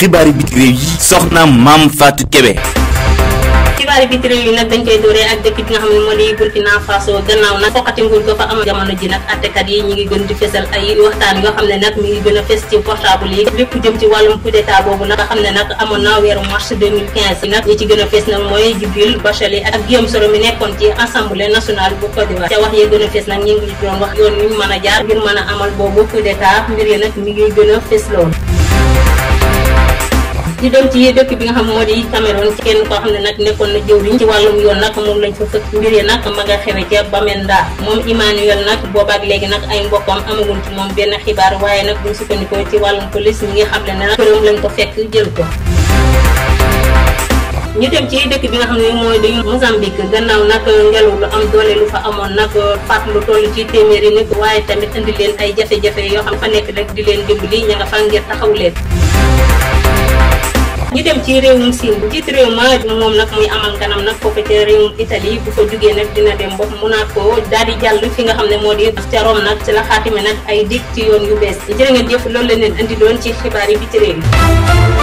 xibaari biti yi soxna Maam Fatou Kébé xibaari biti yi nag dañ koy dooree ak dëkk bi nga xam ne moo nag foqati nguur ko fa jamono ji nag attekat yi ñi ngi gën di fesal ay waxtaan mi ngi yi lépp jëm ci wàllum coup nga xam ne nag na weeru ñi ci gën a fes nag mooy Djibril Bacheli ak Guillaume Soro mi nekkoon ci assemblée nationale bu Côte d'Ivoire ca wax yee gën a nag ñi ngi doon wax yoon ñu mën a jaar ngir mën a amal boobu coup d'état mbir yi nag mi ngi gën a ñu dem ci dëkk bi nga moo di Cameroun kenn xam ne nag nekkoon na jëwriñ ci wàllum yoon nag moom lañ fa fëkk mbir yi nag ma nga xewe ca Bamenda moom Emmanuel nag boobaak léegi nag ay mbokkam amagul ci benn xibaar waaye nag buñ ci wàllum police ñi xam ne nag këram lañ ko fekk jël ko dem ci dëkk bi nga xam ne mooy di Mozambique gannaaw nag ngelaw lu am doole lu fa amoon nag faat lu toll ci téeméeri nit waaye tamit indi leen ay jafe-jafe yoo xam fa nekk rek di leen dimbali ña nga fa ngir taxaw jëm ci réewum Siin bu jiit réew ma moom nag muy amal kanam nag foofu ca réewum Italie bu ko jugee nag dina dem naa Monaco daal di jàll fi nga xam ne moo di ca Rome nag ci la xaatime nag ay dig ci yoon yu bees jërë ngeen jëf loolu la leen indi loon ci xibaar yi bi ci